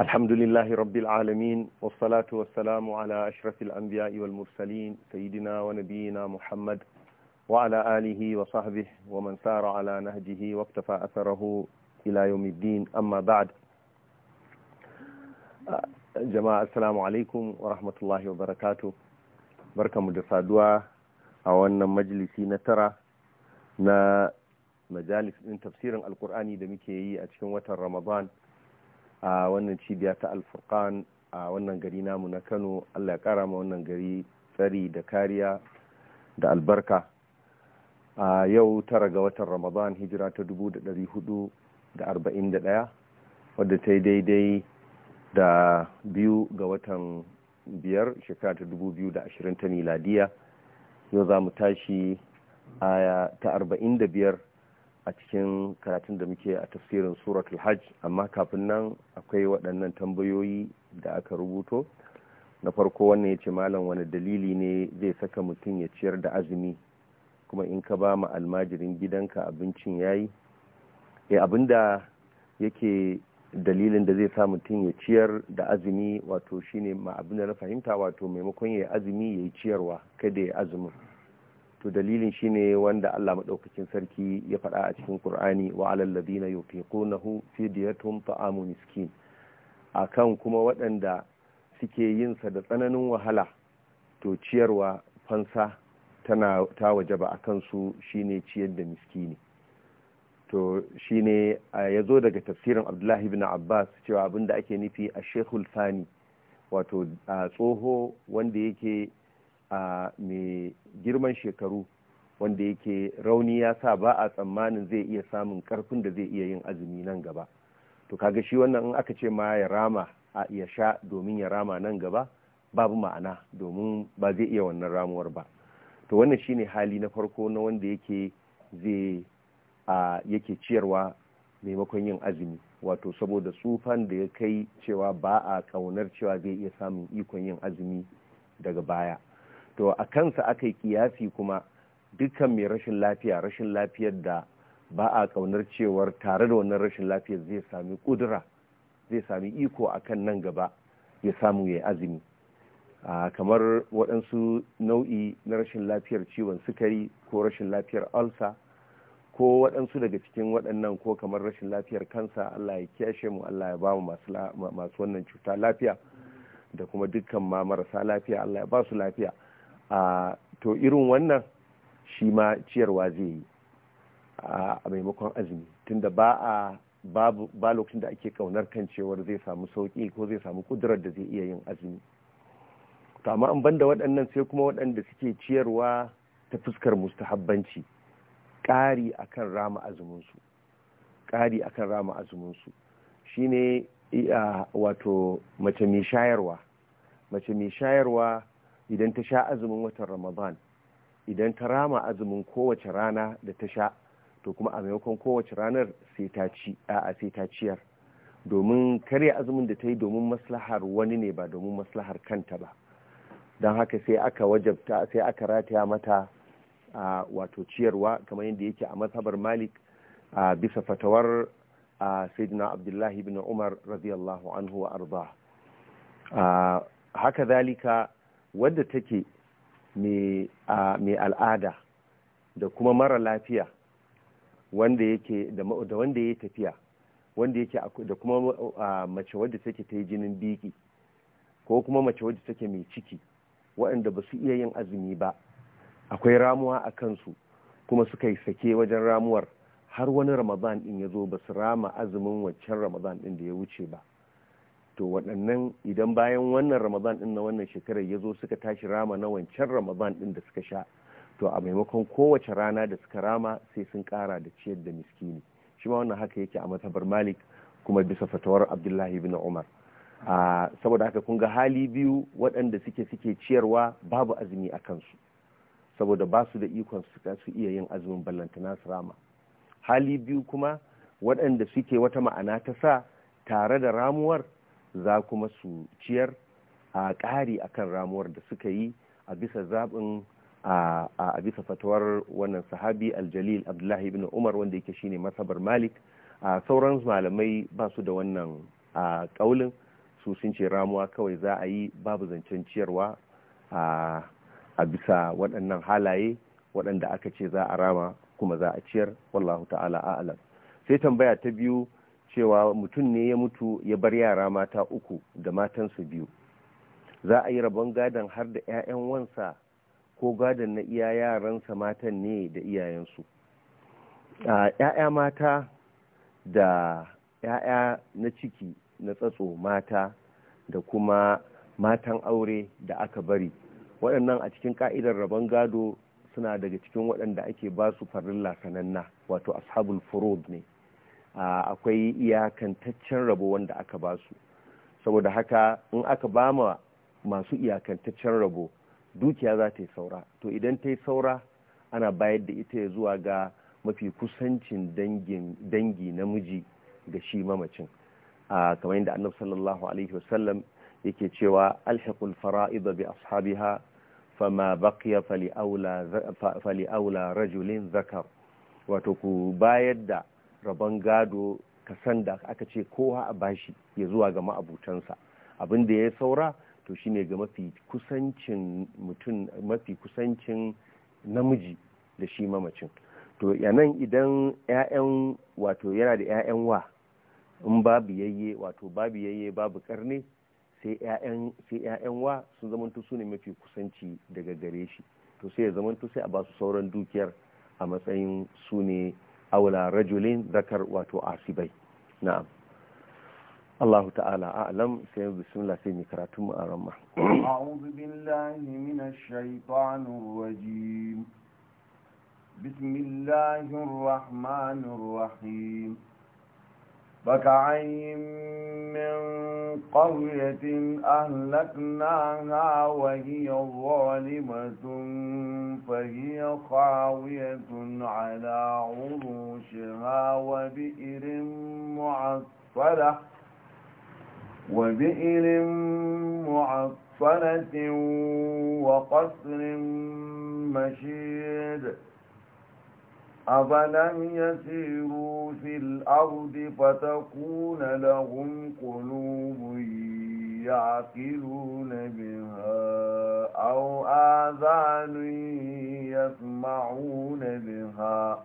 الحمد لله رب العالمين والصلاة والسلام على أشرف الأنبياء والمرسلين سيدنا ونبينا محمد وعلى آله وصحبه ومن سار على نهجه واقتفى أثره إلى يوم الدين أما بعد جماعة السلام عليكم ورحمة الله وبركاته بركة مدرسة دواء أو أن مجلسي نترى na majalis ɗin tafsirin alkur'ani da muke yi a cikin watan ramadan a wannan cibiya ta alfurkan a wannan gari namu na kano allah ya kara ma wannan gari tsari da kariya da albarka a yau tara ga watan ramadan hijira ta 441 wadda ta yi daidai da biyu ga watan biyar shekara ta ashirin ta miladiya yau za mu tashi arba'in da biyar. a cikin karatun da muke a tafsirin suratul hajj amma kafin nan akwai waɗannan tambayoyi da aka rubuto na farko wannan ya ce malam wani dalili ne zai saka mutum ya ciyar da azumi kuma in ka ba ma almajirin gidanka abincin ya yi e eh, abinda yake dalilin da zai sa mutum ya ciyar da azumi wato shine ma abinda na fahimta wato maimakon ya yi azumi ya yi ciyarwa kada ya azumi. to dalilin shine wanda Allah madaukakin sarki ya faɗa a cikin Qur'ani wa alal ladina ya fidyatun ta'amu miskin akan kuma waɗanda suke yin sa da tsananin wahala to ciyarwa fansa tana ta wajaba akan su shine ciyar da miskini to shine ya zo daga tafsirin Abdullahi ibn Abbas cewa abinda ake nufi a Sheikhul Fani wato tsoho wanda yake a mai girman shekaru wanda yake rauni ya sa ba a tsammanin zai iya samun karfin da zai iya yin azumi nan gaba to kaga shi wannan in aka ce ma ya rama a ya sha domin ya rama nan gaba babu ma'ana domin ba zai iya wannan ramuwar ba to wannan shine hali na farko na wanda yake zai a yake ciyarwa maimakon yin azumi wato saboda tsufan da ya kai cewa ba a kaunar cewa zai iya samun ikon yin azumi daga baya to a kansa aka yi kiyasi kuma dukkan mai rashin lafiya rashin lafiyar da ba a kaunar cewar tare da wannan rashin lafiyar zai sami kudura zai sami iko a kan nan gaba ya samu ya azumi kamar waɗansu nau'i na rashin lafiyar ciwon sukari ko rashin lafiyar alsa ko waɗansu daga cikin waɗannan ko kamar rashin lafiyar kansa Allah ya kiyashe mu Allah ya ba mu masu wannan cuta lafiya da kuma dukkan ma marasa lafiya Allah ya ba su lafiya a to irin wannan shi ma ciyarwa zai yi a maimakon azumi tunda ba a babu ba lokacin da ake kaunar kan cewar zai samu sauki ko zai samu kudurar da zai iya yin azumi to amma an banda waɗannan sai kuma waɗanda suke ciyarwa ta fuskar mustahabbanci ƙari akan rama azuminsu ƙari akan rama azuminsu shine wato mace mai shayarwa mace mai shayarwa idan ta sha azumin watan ramadan idan ta rama azumin kowace rana da ta sha to kuma a maimakon kowace ranar sai ta ciyar domin karya azumin da ta yi domin maslahar wani ne ba domin maslahar kanta ba don haka sai aka wajabta sai aka rataya mata a wato ciyarwa kamar yadda yake a mazhabar malik a bisa fatawar a sayyidina abdullahi bin umar radiyallahu anhu wa arda haka zalika wadda take mai al'ada da kuma mara lafiya wanda yake da wanda ya tafiya wanda yake da kuma mace wadda take ta yi jinin biki ko kuma mace wadda take mai ciki waɗanda ba su iya yin azumi ba akwai ramuwa a kansu kuma suka yi sake wajen ramuwar har wani ramadan din ya zo ba su rama azumin wancan ramadan ɗin da ya wuce ba to waɗannan idan bayan wannan ramadan ɗin na wannan shekarar ya zo suka tashi rama na wancan ramadan ɗin da suka sha to a maimakon kowace rana da suka rama sai sun ƙara da ciyar da miskini shi ma wannan haka yake a matabar malik kuma bisa fatawar abdullahi bin umar saboda haka kun ga hali biyu waɗanda suke suke ciyarwa babu azumi a kansu saboda ba su da ikon su iya yin azumin ballantana su rama hali biyu kuma waɗanda suke wata ma'ana ta sa tare da ramuwar za kuma su ciyar a ƙari akan ramuwar da suka yi a bisa zaɓin a bisa fatawar wannan sahabi aljalil abdullahi ibn umar wanda yake shine masabar malik a sauran malamai ba su da wannan a ƙaulin su sun ce ramuwa kawai za a yi babu zancen ciyarwa a bisa waɗannan halaye waɗanda aka ce za a rama kuma za a ciyar wallahu ta'ala a'alam sai tambaya ta biyu cewa mutum ne ya mutu ya bar yara mata uku da matansu biyu za a yi rabon gadon har da 'ya'yan wansa ko gadon na iya yaransa matan ne da iyayensu ‘ya'ya mata da ‘ya'ya na ciki na tsatso mata da kuma matan aure da aka bari waɗannan a cikin ka'idar rabon gado suna daga cikin waɗanda ake ba su farilla sananna wato ashabul furod ne akwai iyakantaccen rabo wanda aka ba su saboda haka in aka ba ma masu iyakantaccen rabo dukiya za ta yi saura to idan ta yi saura ana bayar da ita zuwa ga mafi kusancin dangi namiji ga shi mamacin kamar yadda annabi sallallahu alaihi wasallam yake cewa alhiqul fara'id bi ashabiha fama baqiya fali aula rajulin zakar wato ku bayar da rabon gado san da aka ce kowa a bashi ya zuwa ga ma'abutansa abin da ya saura to shine ga mafi kusancin mutum mafi kusancin namiji da shi mamacin to yanan idan 'ya'yan wato yana da 'ya'yan wa in babu yayye wato babu yayye babu karne sai 'ya'yan wa sun zamanto su ne mafi kusanci daga gare shi to sai ya zamanto sai a basu sauran dukiyar a matsayin su ne aula rajulin zakar wato asibai na'am الله تعالى أعلم بسم الله سيدي كراتم أرمى أعوذ بالله من الشيطان الرجيم بسم الله الرحمن الرحيم فكعين من قرية أهلكناها وهي ظالمة فهي خاوية على عروشها وبئر معصرة وبئر معصرة وقصر مشيد أفلم يسيروا في الأرض فتكون لهم قلوب يعقلون بها أو آذان يسمعون بها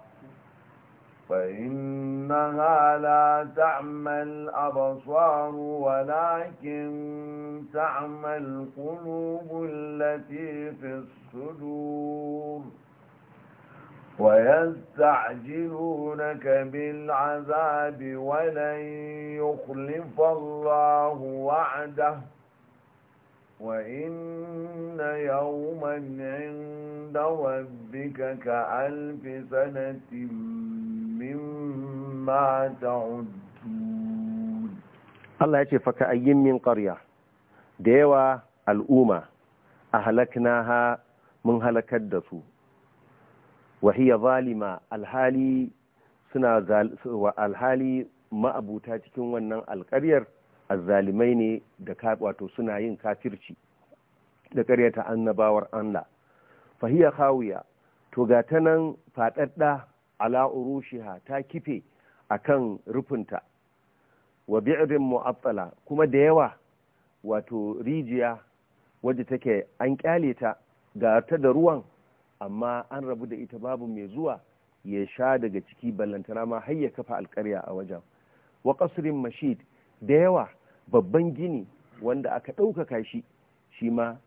فإنها لا تعمى الأبصار ولكن تعمى القلوب التي في الصدور ويستعجلونك بالعذاب ولن يخلف الله وعده وإن يوما عند ربك كألف سنة مما تعدون الله يتي فكأي من قرية ديوى الأمة أهلكناها من هلكت دسو wahiya zalima alhali suna alhali ma'abuta cikin wannan alƙaryar azzalimai ne da wato suna yin kafirci da ƙaryata annabawar Allah fahiya khawiya to ga ta nan faɗaɗɗa ala urushiha ta kife akan rufinta wa bi'rin mu'attala kuma da yawa wato rijiya wadda take an kyale ta ga ta da ruwan amma an rabu da ita babu mai zuwa ya sha daga ciki ballantana ma har ya kafa alkarya a wajen wa qasrin mashid da yawa babban gini wanda aka ɗaukaka shi shi ma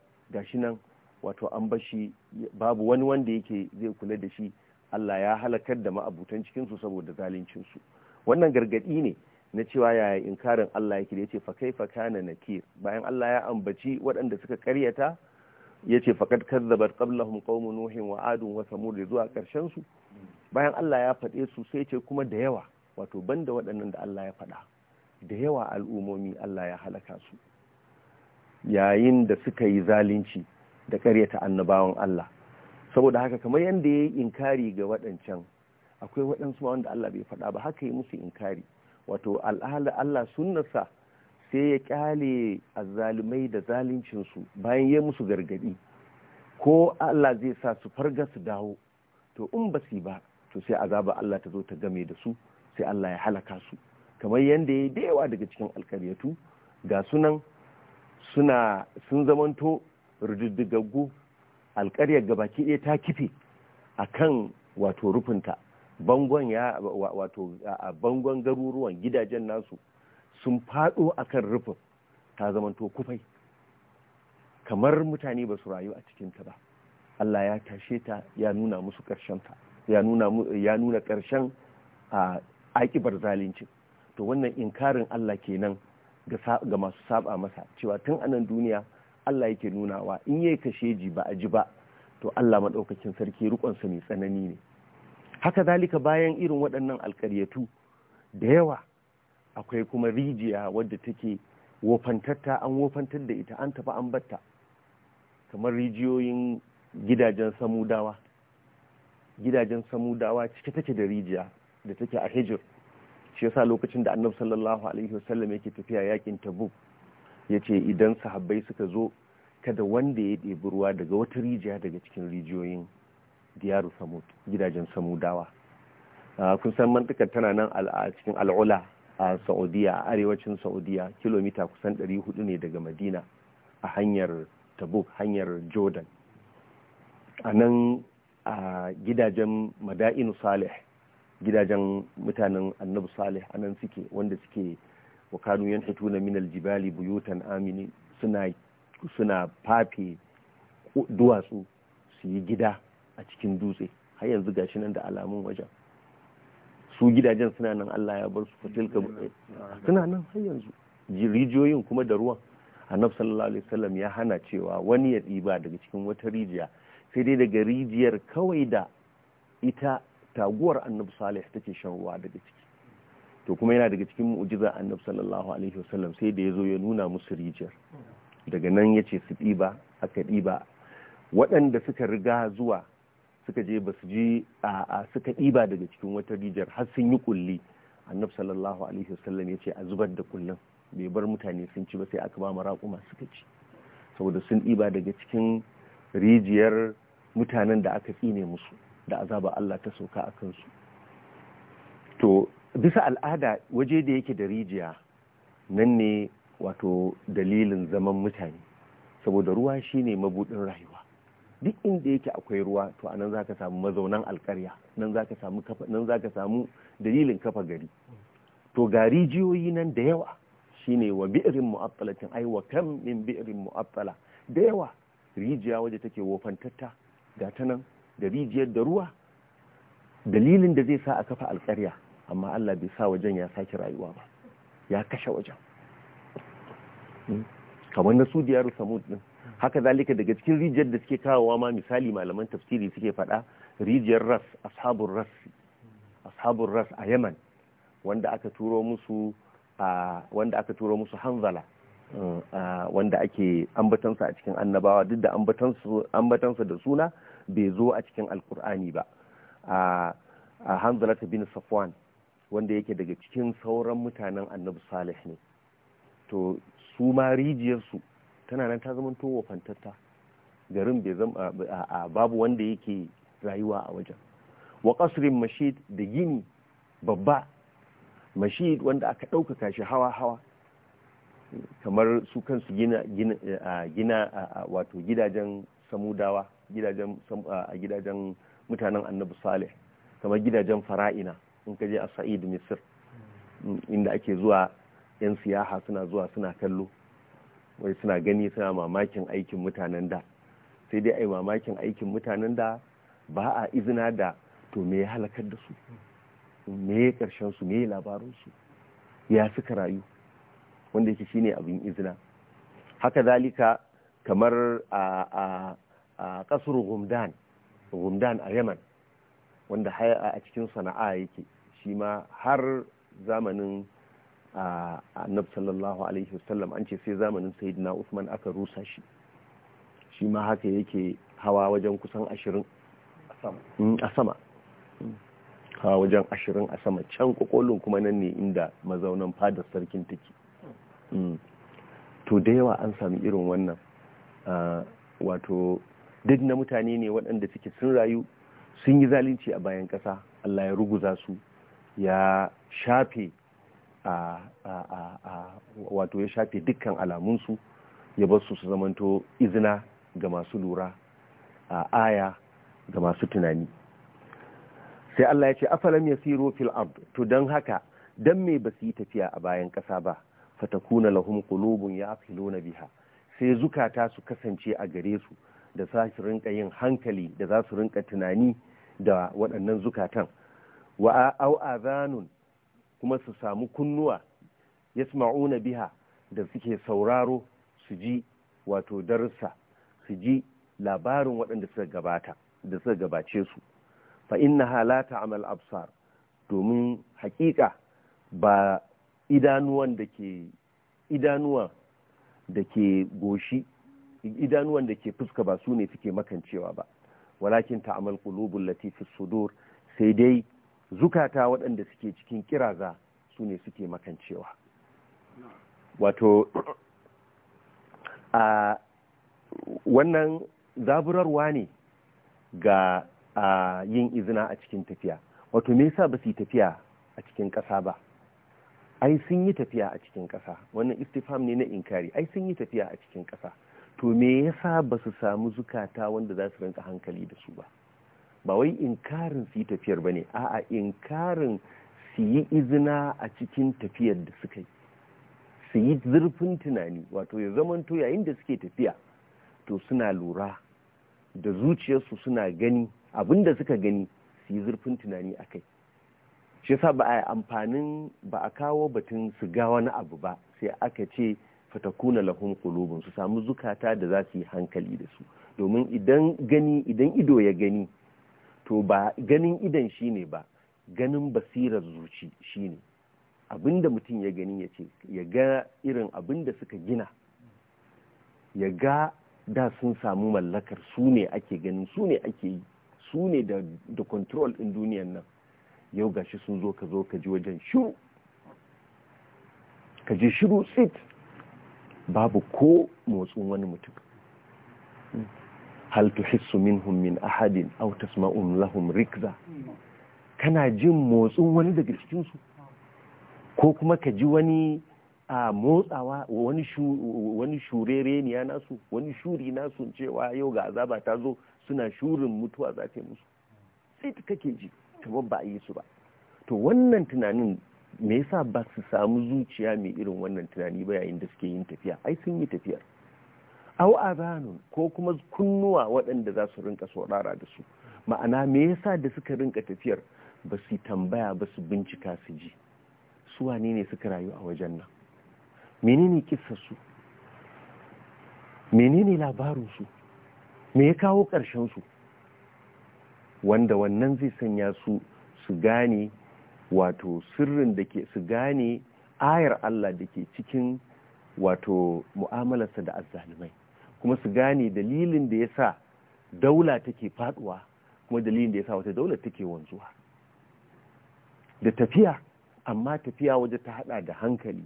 shi nan wato an shi babu wani wanda yake zai kula da shi Allah ya halakar da ma'abutan cikinsu saboda zaluncinsu wannan gargaɗi ne na cewa yaya inkarin Allah yake da ya ce fakai fakana na nakir bayan Allah ya ambaci waɗanda suka karyata ya ce faƙad kazzabar ƙablahun ƙaunin nuhin wa adun wa samud zuwa ƙarshen su bayan Allah ya faɗe su sai ce kuma da yawa wato ban da waɗannan da Allah ya faɗa da yawa al'ummomi Allah ya halaka su yayin da suka yi zalunci da ƙaryata annabawan Allah saboda haka kamar yadda ya yi inkari ga waɗancan akwai waɗansu ma wanda Allah bai faɗa ba haka yi musu inkari wato al'ala Allah sunnarsa sai ya kyale a azzalumai da zaluncinsu bayan ya musu gargadi ko Allah zai sa su farga su dawo to in ba su ba to sai azaba Allah ta zo ta game da su sai Allah ya halaka su kamar yadda ya da yawa daga cikin alkaryatu ga sunan suna sun zamanto rududdigaggu alkaryar baki ɗaya ta kife a kan wato rufinta bangon ya bangon garuruwan gidajen nasu sun faɗo a kan rufin ta zamanto kufai kamar mutane ba su rayu a cikinta ba Allah ya tashe ta ya nuna musu ta ya nuna ƙarshen a aƙibar zalunci to wannan inkarin Allah kenan ga masu saba masa cewa tun anan duniya Allah yake nunawa in yayi ji ba a ji ba to Allah madaukakin sarki rukon sa mai tsanani ne haka zalika bayan irin waɗannan alƙaryatu da yawa akwai kuma rijiya wadda take wofantatta an wofantar da ita an tafi an batta kamar rijiyoyin gidajen samudawa gidajen samudawa cike take da rijiya da take a hijir shi yasa lokacin da annabi sallallahu alaihi wasallam yake tafiya yakin tabuk yace idan sahabbai suka zo kada wanda ya ɗebi ruwa daga wata rijiya daga cikin rijiyoyin diyaru samud gidajen samudawa ah, kun san mantakar tana nan a cikin al'ula a saudiya a arewacin saudiya kilomita kusan 400 ne daga madina a hanyar tabuk hanyar jordan a nan a gidajen mada'inu salih gidajen mutanen annabu salih a nan suke wanda suke wakanu yan hito na minal jibali buyutan amini suna suna fafe duwatsu su yi gida a cikin dutse har yanzu gashi nan da alamun wajen su gidajen suna nan Allah ya bar su fatilka suna nan har yanzu rijiyoyin kuma da ruwan annab sallallahu alaihi wasallam ya hana cewa wani ya ɗiba daga cikin wata rijiya sai dai daga rijiyar kawai da ita taguwar annabi salih take shan ruwa daga ciki to kuma yana daga cikin mu'jiza annab sallallahu alaihi wasallam sai da yazo ya nuna musu rijiyar daga nan yace su ɗiba aka ɗiba waɗanda suka riga zuwa suka je ba su ji a suka ɗiba daga cikin wata rijiyar har sun yi kulli annabi sallallahu alaihi wasallam ya ce a zubar da kullum bai bar mutane sun ci ba sai aka ba mu raƙuma suka ci saboda sun ɗiba daga cikin rijiyar mutanen da aka tsine musu da azaba Allah ta sauka a kansu to bisa al'ada waje da yake da rijiya nan ne wato dalilin zaman mutane saboda ruwa shine mabudin rayuwa duk inda yake akwai ruwa to anan zaka samu mazaunan alkarya nan zaka samu samu dalilin kafa gari to ga rijiyoyi nan da yawa shine wa bi'rin mu'attalatin ai wa kam min bi'rin mu'attala da yawa rijiya waje take wofantatta ga ta nan da rijiyar da ruwa dalilin da zai sa a kafa alkarya amma Allah bai sa wajen ya saki rayuwa ba ya kashe wajen hmm. kamar na su diyaru samud din haka zalika daga cikin rijiyar da suke kawowa ma misali malaman tafsiri suke faɗa rijiyar ras ashabun ras ashabun ras a yaman wanda aka turo musu wanda aka turo musu hanzala wanda ake ambatansa a cikin annabawa duk da ambatansa da suna bai zo a cikin alkur'ani ba a hanzala ta bin safwan wanda yake daga cikin sauran mutanen annabi salih ne to su ma rijiyarsu tana nan ta zama towa fantatta garin bai zama a babu wanda yake rayuwa a wajen wa qasrin mashid da gini babba mashid wanda aka ɗaukaka shi hawa hawa kamar su kansu gina gina wato gidajen samudawa gidajen a gidajen mutanen annabi saleh kamar gidajen fara'ina in ka je a sa'id misir inda ake zuwa yan siyaha suna zuwa suna kallo wai suna gani suna mamakin aikin mutanen da sai dai ai mamakin aikin mutanen da ba a izina da to me ya halakar da su me ya karshen su me ya labarin su ya suka rayu wanda yake shine abin izina haka zalika kamar a a kasur gumdan gumdan a yaman wanda a cikin sana'a yake shi ma har zamanin annabi sallallahu alaihi wasallam an ce sai zamanin sayyidina Usman aka rusa shi shi ma haka yake hawa wajen kusan ashirin a sama hmm, hawa wajen ashirin a sama can kokolin kuma nan ne inda mazaunan fadar sarkin take hmm. to da yawa an sami irin wannan wato duk na mutane ne waɗanda suke sun rayu sun yi zalunci a bayan ƙasa Allah ya ruguza su ya shafe wato ya shafe dukkan alamunsu ya bar su su zamanto izina ga masu lura a aya ga masu tunani sai Allah ya ce afalam yasiru fil ard to dan haka dan me ba su yi tafiya a bayan ƙasa ba fatakuna lahum qulubun yaqiluna biha sai zukata su kasance a gare su da za su rinka yin hankali da za su rinka tunani da waɗannan zukatan wa au azanun kuma su samu kunnuwa ya yasma'una biha da suke sauraro su ji wato darussa su ji labarin waɗanda suka gabata da suka gabace su fa halata amal Amal absar domin hakika ba idanuwan da ke idanuwa da ke goshi idanuwan da ke fuska ba su ne suke makancewa ba walakin ta Amal ƙulubun fi sudur sai dai zukata waɗanda suke cikin kiraza su ne suke makancewa wato a wannan zaburarwa ne ga a, yin izina a cikin tafiya wato me yasa ba su yi tafiya a cikin ƙasa ba ai sun yi tafiya a cikin ƙasa wannan istifam ne na inkari ai sun yi tafiya a cikin ƙasa to me yasa ba su samu zukata wanda za su rinka hankali da su ba ba wai inkarin su yi tafiyar ba ne a'a inkarin su yi izina a cikin tafiyar da suka yi su yi zurfin tunani wato ya zamanto yayin da suke tafiya to suna lura da zuciyarsu suna gani abin da suka gani su yi zurfin tunani a kai shi yasa ba a amfanin ba a kawo batun su ga wani abu ba sai aka ce fatakuna lahum qulubun su samu zukata da za su yi hankali da su domin idan gani idan ido ya gani to ba ganin idan shi ne ba ganin basirar zuci shi ne abinda mutum ya gani ya ce ya ga irin abinda suka gina ya ga da sun samu mallakar su ne ake ganin su ne ake yi su ne da control ɗin duniyan nan yau gashi sun zo ka zo ka ji wajen shiru ka ji shiru tsit babu ko motsin wani mutum hal tuhissu minhum min ahadin aw tasma'u lahum rikza kana jin motsin wani daga cikin su ko kuma ka ji wani a motsawa wani shu wani shurere ne ya nasu wani shuri nasu cewa yau ga azaba ta zo suna shurin mutuwa za ta musu sai ta kake ji kamar ba a yi su ba to wannan tunanin me yasa ba su samu zuciya mai irin wannan tunani ba yayin da suke yin tafiya ai sun yi tafiyar au azanun ko kuma kunnuwa waɗanda za su rinka saurara da su ma'ana me yasa da suka rinka tafiyar ba su tambaya ba su bincika su ji su wane ne suka rayu a wajen nan menene kissarsu menene labarin su me ya kawo ƙarshensu wanda wannan zai sanya su su gane wato sirrin da ke su gane ayar Allah da ke cikin wato mu'amalarsa da azzalumai kuma su gane dalilin da ya sa daula take faduwa kuma dalilin da ya sa wata daula take wanzuwa da tafiya amma tafiya waje ta hada da hankali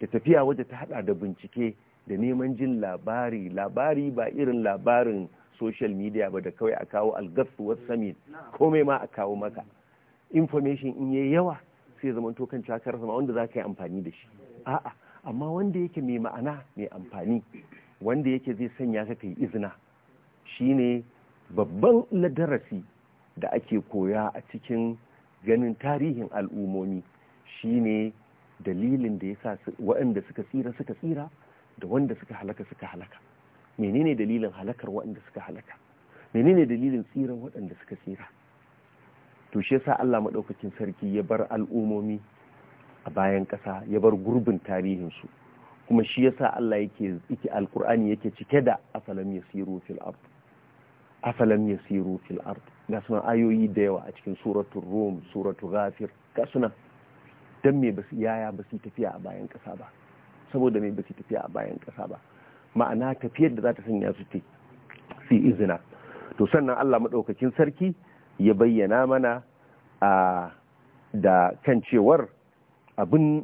da tafiya waje ta hada da bincike da neman jin labari labari ba irin labarin social media ba da kawai a kawo algatsu wasu sami komai ma a kawo maka information in yi yawa sai zama tokan cakar sama wanda za ka yi amfani da shi a'a amma wanda yake mai ma'ana mai amfani wanda yake zai sanya ka kai izina shine babban ladarasi da ake koya a cikin ganin tarihin al'umomi shine dalilin da ya sa waɗanda suka tsira suka tsira da wanda suka halaka suka halaka menene dalilin halakar waɗanda suka halaka menene dalilin tsiran waɗanda suka tsira to shi yasa Allah maɗaukakin sarki ya bar al'umomi a bayan ƙasa ya bar gurbin tarihinsu kuma shi yasa Allah yake yake alqur'ani yake cike da afalam yasiru fil ard afalam yasiru fil ard ga suna ayoyi da yawa a cikin suratul rum suratul ghafir ga suna dan me basu yaya basu tafiya a bayan kasa ba saboda me basu tafiya a bayan kasa ba ma'ana tafiyar da za ta sanya su ce fi izina to sannan Allah madaukakin sarki ya bayyana mana a da kan cewar abin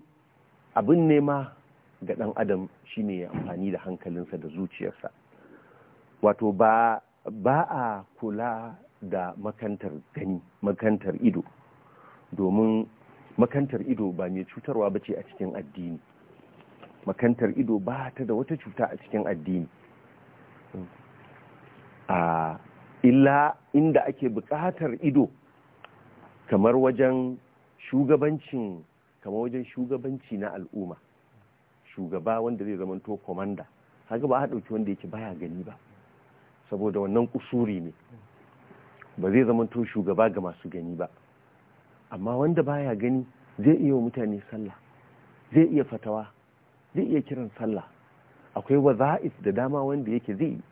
abin nema ga ɗan adam shine ya amfani da hankalinsa da zuciyarsa wato ba a kula da makantar gani makantar ido domin makantar ido ba mai cutarwa ba ce a cikin addini makantar ido ba ta da wata cuta a cikin addini a illa inda ake buƙatar ido kamar wajen shugabancin kamar wajen shugabanci na al'umma shugaba wanda zai zama to komanda haka ba a ɗauki wanda yake baya gani ba saboda wannan kusuri ne ba zai zama to shugaba ga masu gani ba amma wanda baya gani zai iya mutane sallah zai iya fatawa zai iya kiran sallah akwai waza'is da dama wanda yake zai yi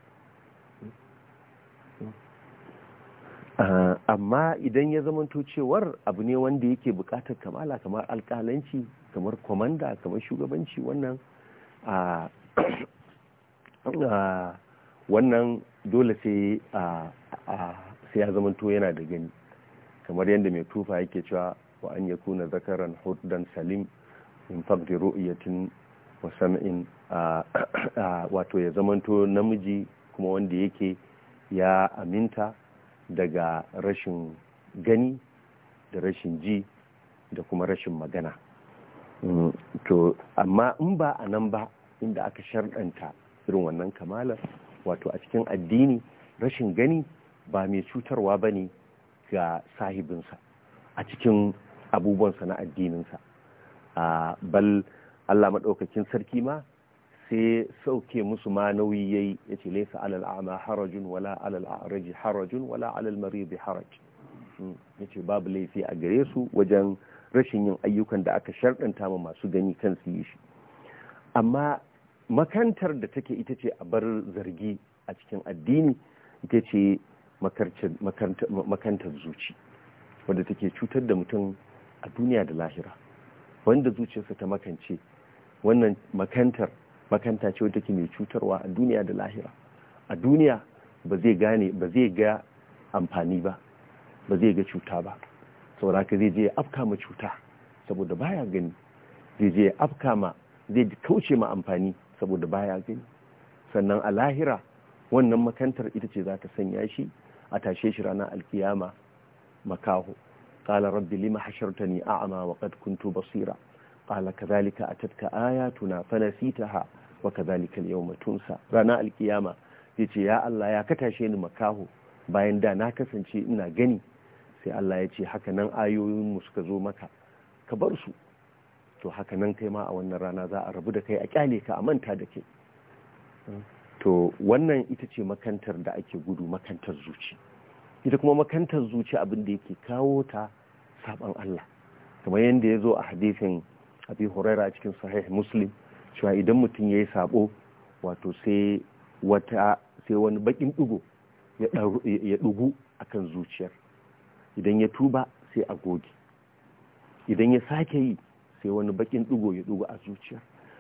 ah, amma idan ya zamanto cewar abu ne wanda yake bukatar kamala kamar alkalanci kamar komanda kamar shugabanci wannan a wannan dole sai ya zamanto yana da gani kamar yadda mai tufa yake cewa wa an ya kuna zakaran huddan salim in fagdi ru'yatin musamman wato ya zamanto namiji kuma wanda yake ya aminta daga rashin gani da rashin ji da kuma rashin magana Mm, to amma in ba a nan ba inda aka sharɗanta irin wannan kamalar wato a cikin addini rashin gani ba mai cutarwa ba ne ga sahibinsa a cikin abubuwansa na addininsa a bal allah maɗaukakin sarki ma sai sauke musu ma nauyi ya yi ya ce laisa alal a'ma harajun wala alal a'raji harajun wala alal Maribi haraj mm, ya ce babu laifi a gare su wajen rashin yin ayyukan da aka sharɗanta ma masu gani kan su yi shi amma makantar da take ita ce a bar zargi a cikin addini ita ce makantar zuci wadda take cutar da mutum a duniya da lahira wanda zuciyarsa ta makance wannan makantar makanta ce wadda take mai cutarwa a duniya da lahira a duniya ba zai gane ba zai ga amfani ba ba zai ga cuta ba saboda ka zai je ya afka ma cuta saboda baya gani zai je ya afka ma zai kauce ma amfani saboda baya gani sannan a lahira wannan makantar ita ce za ta sanya shi a tashe shi ranar alkiyama makaho qala rabbi lima ni a'ma wa qad kuntu basira qala kadhalika atatka ayatuna fanasitaha wa kadhalika al yau tunsa ranar alkiyama ce ya Allah ya ka tashe ni makaho bayan da na kasance ina gani sai Allah ya ce haka nan mu suka zo maka ka bar su to haka nan kai ma a wannan rana za a rabu da kai a kyale ka a manta da ke to wannan ita ce makantar da ake gudu makantar zuci ita kuma makantar zuci abin da yake kawo ta saban Allah kamar yadda ya zo a hadisin abi huraira cikin sahih muslim cewa idan mutum ya yi sabo wato sai wani bakin dugo ya dugu akan zuciyar idan ya tuba sai a goge idan ya sake yi sai wani bakin dugo ya digo a zuciya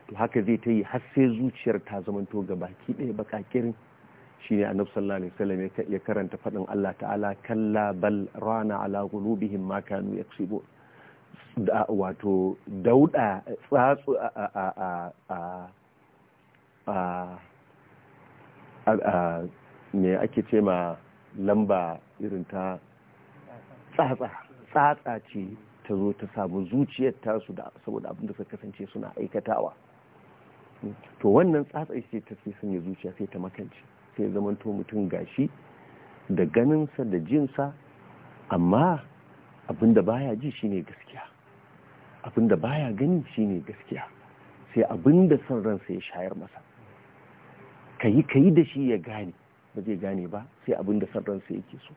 to haka zai ta yi har sai zuciyar ta zamanto ga baki ɗaya bakakirin shine annabi sallallahu alaihi wasallam ya karanta fadin Allah ta'ala kalla bal rana ala qulubihim ma kanu yaksibu wato dauda tsatsu a a a a me ake ce ma lamba irin ta tsatsa tsatsa ce ta zo ta samu zuciyar tasu da saboda abin suka kasance suna aikatawa to wannan tsatsa ce ta sai sanya zuciya sai ta makance sai zamanto mutum gashi da ganinsa da jinsa amma abinda baya ji shine gaskiya abinda baya gani shine gaskiya sai abinda da son ransa ya shayar masa kayi kayi da shi ya gane ba zai gane ba sai abinda son ransa yake so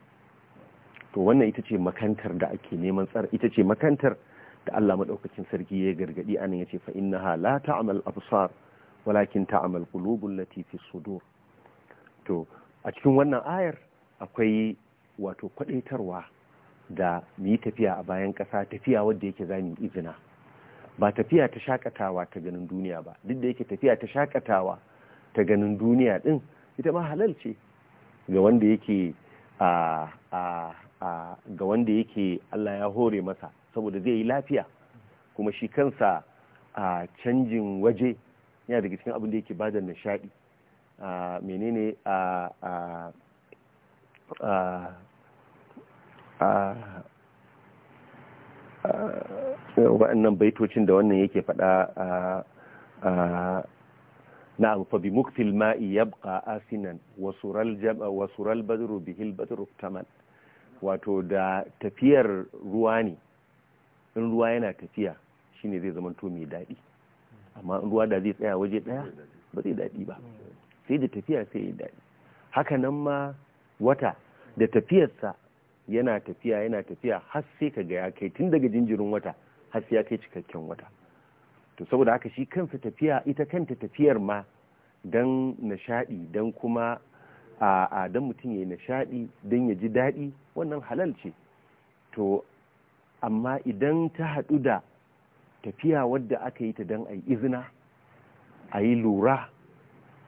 to wannan ita ce makantar da ake neman tsara ita ce makantar da Allah maɗaukacin sarki ya gargaɗi anan ce fa innaha la ta'mal absar walakin ta'mal qulubul lati fi sudur to a cikin wannan ayar akwai wato kwadaitarwa da mu yi tafiya a bayan ƙasa tafiya wadda yake zami mu izina ba tafiya ta shakatawa ta ganin duniya ba duk da yake tafiya ta shakatawa ta ganin duniya din ita ma halal ce ga wanda yake a ga wanda yake Allah ya hore masa saboda zai yi lafiya kuma shi kansa a canjin waje yana daga cikin abin da yake bada nishadi menene a wa'annan baitocin da wannan yake faɗa na fa bi muktil ma'i yabqa asinan wa sural badru bihil badru taman wato da tafiyar ruwa ne in ruwa yana tafiya shine zai zama to mai daɗi amma in ruwa da zai tsaya waje ɗaya ba zai daɗi ba sai da tafiya sai ya daɗi haka ma wata da tafiyarsa yana tafiya yana tafiya har sai ka ga ya kai tun daga jinjirin wata har sai ya kai cikakken wata to saboda haka shi kansa tafiya ita kanta tafiyar ma don nishaɗi don kuma a don mutum ya yi nishaɗi don ya ji daɗi wannan halal ce to amma idan ta haɗu da tafiya wadda aka yi ta don a yi izina a yi lura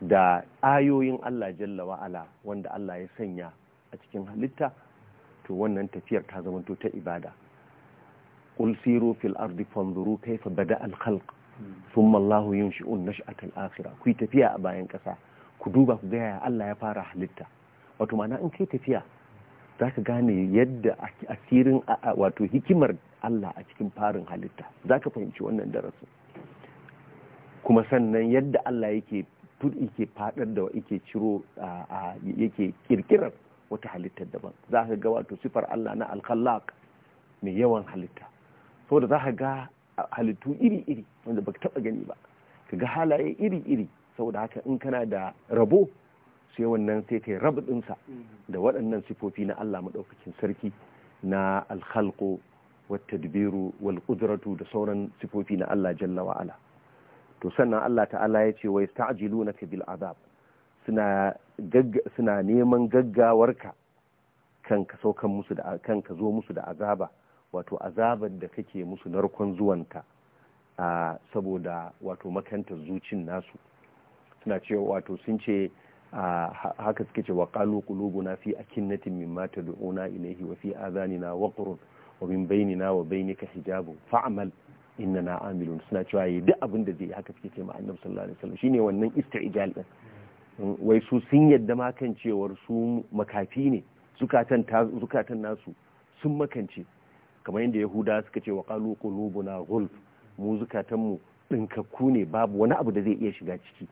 da ayoyin Allah jalla wa'ala wanda Allah ya sanya a cikin halitta to wannan tafiyar ta zamanto ta ibada qul siru fil ardi fanzuru kayfa bada al sun mallahu Allah yunshi'u an-nash'ata al tafiya a bayan ƙasa. ku duba ku gaya Allah ya fara halitta wato mana in kai tafiya za ka gane yadda asirin wato hikimar Allah a cikin farin halitta za ka fahimci wannan darasin kuma sannan yadda Allah yake yake fadar da yake ciro yake kirkirar wata halitta daban za ka ga wato sifar Allah na alkhallaq mai yawan halitta saboda za ka ga halittu iri-iri wanda baka taɓa gani ba ka ga halaye iri-iri saboda haka in kana da rabo sai wannan sai kai rab ɗinsa da waɗannan sifofi na Allah maɗaukakin sarki na alhalko wata dubiru wal ƙudratu da sauran sifofi na Allah jalla wa'ala to sannan Allah ta'ala ya ce wai sta'ajilu na bil azab suna neman gaggawarka kan ka kan musu da kan ka zo musu da azaba wato azabar da kake musu narkon zuwanka saboda wato makantar zucin nasu suna cewa wato sun ce haka suke cewa kulubu na fi akinnatin da tad'una ilayhi wa fi na waqrun wa min na wa hijabu hijabun inna na amilun suna cewa yi duk abin da zai haka suke ce ma annabi sallallahu alaihi wasallam shine wannan ijal din mm, wai su sun yadda ma kan cewar su makafi ne zukatan nasu sun makance kamar yadda yahuda suka ce wa qalu qulubuna ghulf mu zukatan mu dinkakku ne babu wani abu da zai iya shiga ciki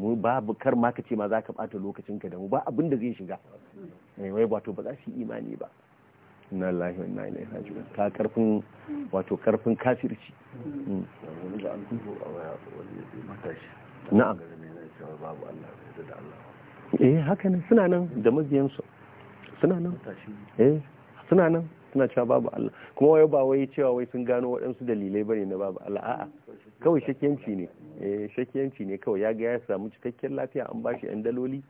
mu ba kar ma ka ce ma zaka bata lokacin ka da mu ba abin da zai shiga eh wai wato ba za su yi imani ba inna lillahi wa inna ilaihi raji'un ka karfin wato karfin kafirci hmm. na'am eh haka ne suna nan da mabiyansu suna nan eh suna nan suna cewa babu Allah kuma wai ba wai cewa wai sun gano waɗansu dalilai bane na babu Allah a'a kawai shakiyanci ne eh shakiyanci ne kawai ya ga ya samu cikakken lafiya an bashi yan daloli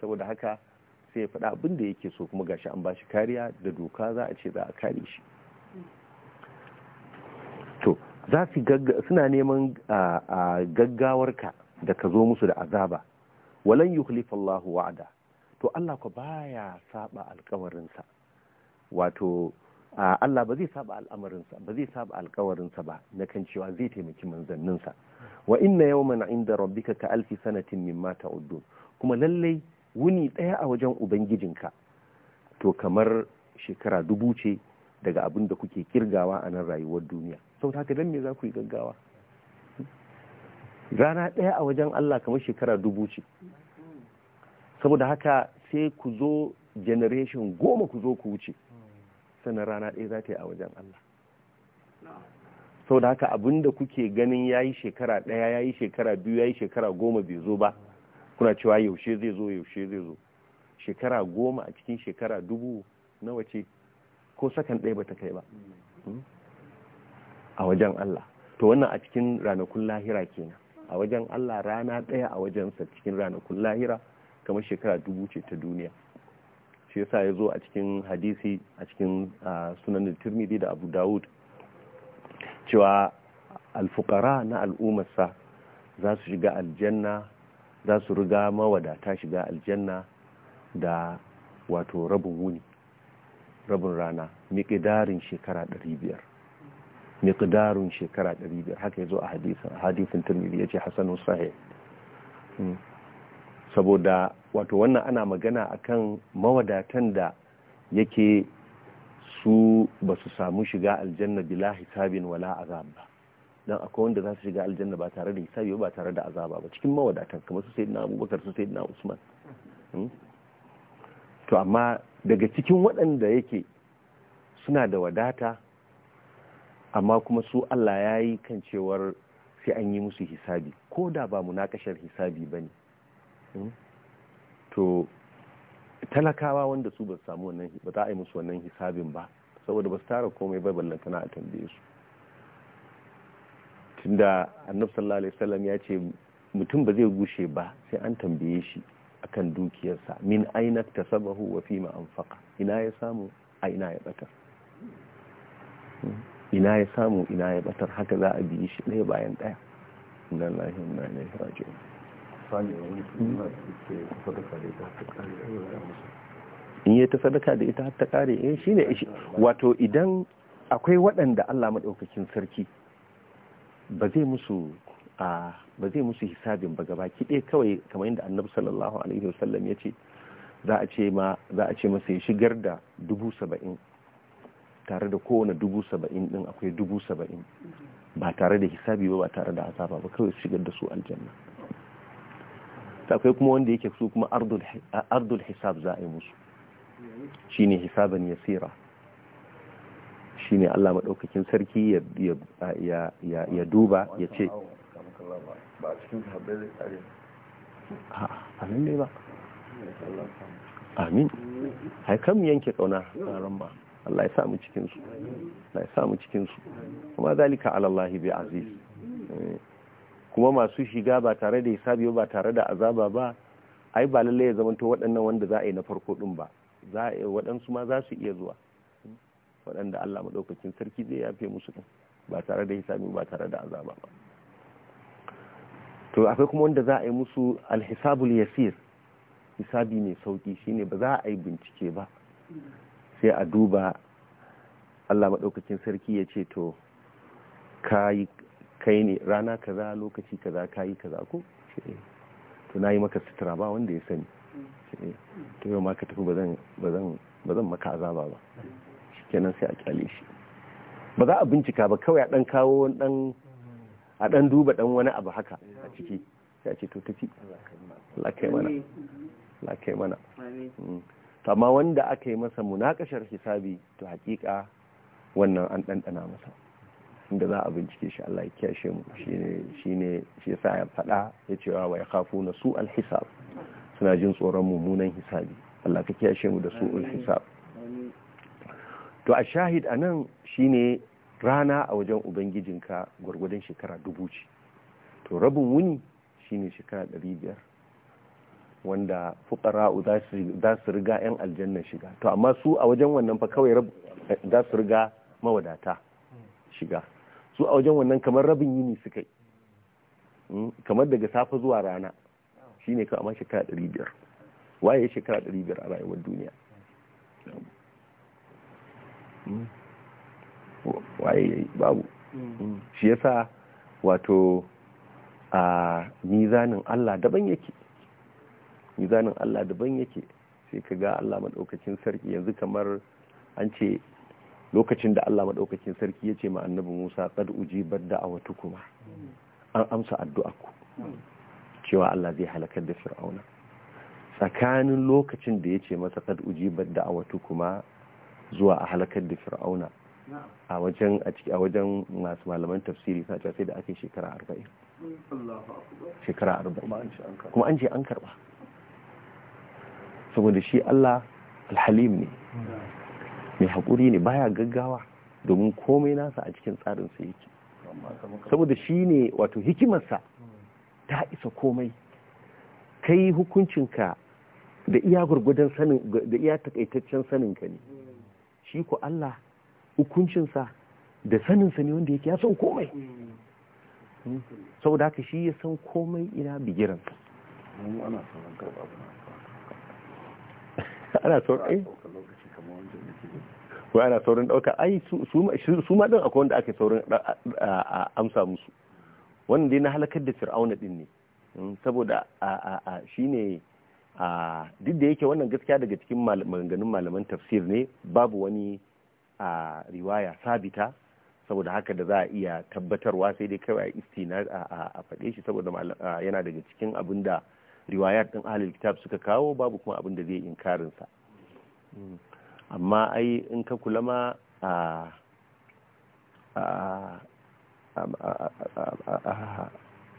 saboda haka sai ya faɗa abin da yake so kuma gashi an bashi kariya da doka za a ce za a kare shi to za su suna neman a gaggawarka da ka zo musu da azaba walan yukhlifa wa'ada to Allah ko baya saba alƙawarinsa wato Allah ba zai saba al'amarinsa ba zai saba alkawarinsa ba na kan cewa zai taimaki manzanninsa wa inna yawman inda rabbika ka alfi sanatin mimma ta'uddun kuma lallai wuni ɗaya a wajen ubangijinka to kamar shekara dubu ce daga abin da kuke kirgawa a nan rayuwar duniya sau ta dan me za ku yi gaggawa rana ɗaya a wajen Allah kamar shekara dubu ce saboda haka sai ku zo generation goma ku zo ku wuce sannan rana ɗaya za ta yi a wajen Allah sau da haka abinda kuke ganin ya yi shekara ɗaya ya yi shekara biyu ya yi shekara goma bai zo ba kuna cewa yaushe zai zo yaushe zai zo shekara goma a cikin shekara dubu nawa ce ko sakan ɗaya ba ta kai ba mm. hmm? a wajen Allah to wannan a cikin ranakun lahira kenan a wajen Allah rana ɗaya a wajensa cikin ranakun lahira kamar shekara dubu ce ta duniya shi yasa ya zo a cikin hadisi a cikin sunan tirmidhi da abu dawud cewa alfukara na al'ummarsa za su shiga aljanna za su riga mawadata shiga aljanna da wato rabin wuni rabin rana miƙidarin shekara 500 miƙidarin shekara 500 haka ya zo a hadisin turmiri ya ce hassanun sahih hmm. saboda wato wannan ana magana akan mawadatan da yake su ba su samu shiga aljanna bila hisabin wala azab ba dan akwai wanda za su shiga aljanna ba tare da hisabi ba tare da azaba ba cikin mawadatan kamar su sayyidina abubakar su sayyidina usman hmm? to amma daga cikin waɗanda yake suna da wadata amma kuma su Allah ya yi kan cewar sai an yi musu hisabi ko da ba munakashar hisabi ba ne to talakawa wanda su ba su samu wannan ba za a yi musu wannan hisabin ba saboda ba su tara komai ba tana a tambaye su tunda annabi sallallahu alaihi wasallam ya ce mutum ba zai gushe ba sai an tambaye shi akan dukiyarsa min aina tasabahu wa fima anfaqa ina ya samu a ina ya bata hmm? ina ya samu ina ya bata haka za a bi shi ne bayan ɗaya inna lillahi wa inna ilaihi raji'un in yi ta sadaka da ita hatta kare in eh, shi ne wato idan akwai waɗanda Allah maɗaukakin sarki ba zai musu a ba zai musu hisabin ba gaba kiɗe kawai kamar yadda annabi sallallahu alaihi wasallam ya ce za a ce ma za masa ya shigar da dubu saba'in tare da kowane dubu saba'in din akwai dubu saba'in ba tare da hisabi ba ba tare da azaba ba kawai shigar da su aljanna su akwai kuma wanda yake su kuma ardul hisab za a yi musu shi ne hisaban yasira shi ne Allah maɗaukakin sarki ya duba ya ce amin ba amin haikam yanke ƙauna a ramma Allah ya samu cikinsu Allah ya samu cikinsu kuma zalika alallahi bi aziz eh. kuma masu shiga ba tare da hisabi ba tare da azaba ba ai ba lalle ya zamanto waɗannan wanda za a yi na farko ɗin ba za a waɗansu ma za su iya zuwa waɗanda Allah maɗaukakin sarki zai yafe musu ɗin ba tare da hisabi ba tare da azaba ba to akwai kuma wanda za a yi musu alhisabul yasir hisabi mai sauki shine ba za a yi bincike ba sai a duba Allah maɗaukakin sarki ya ce to ka yi kai ne rana kaza lokaci kaza kayi kaza ko eh. to na yi maka sutura ba wanda ya sani eh. to yau ma ka tafi ba zan maka azaba ba shi kenan sai a kyale shi ba za a bincika ba kawai a dan kawo dan a dan duba dan wani abu haka a ciki sai a ce to tafi lakai mana lakai mana mm. amma wanda aka yi masa munakashar hisabi to hakika wannan an ɗanɗana masa inda za a bincike shi Allah ya kiyashe mu shine shine shi yasa ya fada ya ce wa ya na su hisab suna jin tsoron mummunan hisabi Allah ka kiyashe mu da su hisab to a shahid anan shine rana a wajen ubangijinka gwargwadon shekara dubu ce to rabin wuni shine shekara ɗari biyar wanda fukara'u za su riga 'yan aljanna shiga to amma su a wajen wannan fa kawai eh, za su riga mawadata shiga su a wajen wannan kamar rabin yini suka yi hmm? kamar daga safe zuwa rana shi ne kama amma shekara ɗari biyar waye shekara ɗari biyar a rayuwar duniya hmm? waye babu hmm. shi yasa wato a nizanin Allah daban yake nizanin Allah daban yake sai ka ga Allah maɗaukacin sarki yanzu kamar an ce lokacin da Allah maɗaukakin sarki ya ce ma annabi Musa qad ujibat da'awatukuma an amsa addu'aku cewa Allah zai halakar da Fir'auna tsakanin lokacin da ya ce masa qad ujibat da'awatukuma zuwa a halakar da Fir'auna a wajen a wajen masu malaman tafsiri sa sai da ake shekara 40 shekara 40 kuma an ce an karba saboda shi Allah alhalim ne mai haƙuri ne baya gaggawa domin komai nasa a cikin tsarin sa yake saboda shi ne wato hikimarsa ta isa komai kai hukuncinka da iya gurgudan sanin da iya takaitaccen saninka ne shi ko Allah hukuncinsa da saninsa ne wanda yake ya san komai saboda haka shi ya san komai ina bigiransa ana sauran karɓa ana sauran eh? kuma ana saurin ɗauka ai su ma ɗin akwai wanda ake saurin amsa musu wannan dai na halakar da fir'auna ɗin ne hmm, saboda shi ne duk da yake wannan gaskiya daga cikin maganganun malaman tafsir ne babu wani riwaya sabita saboda haka da za a iya tabbatarwa sai dai kawai a istina a faɗe shi saboda yana daga cikin abin da riwayat ɗin ahalil kitab suka kawo babu kuma abin da zai inkarinsa hmm. amma ai in ka kula ma a